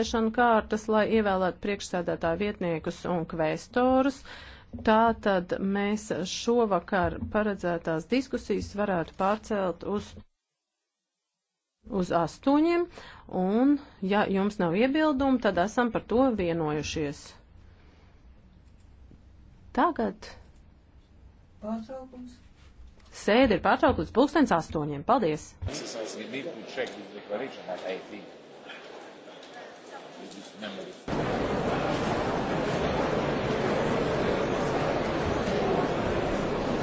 vēlēšanu kārtas, lai ievēlētu priekšsēdētāju vietniekus un kvestorus. Tātad mēs šovakar paredzētās diskusijas varētu pārcelt uz uz astoņiem, un, ja jums nav iebildumi, tad esam par to vienojušies. Tagad. Pārtraukums. Sēde ir pārtraukums pulkstens astoņiem. Paldies! memory.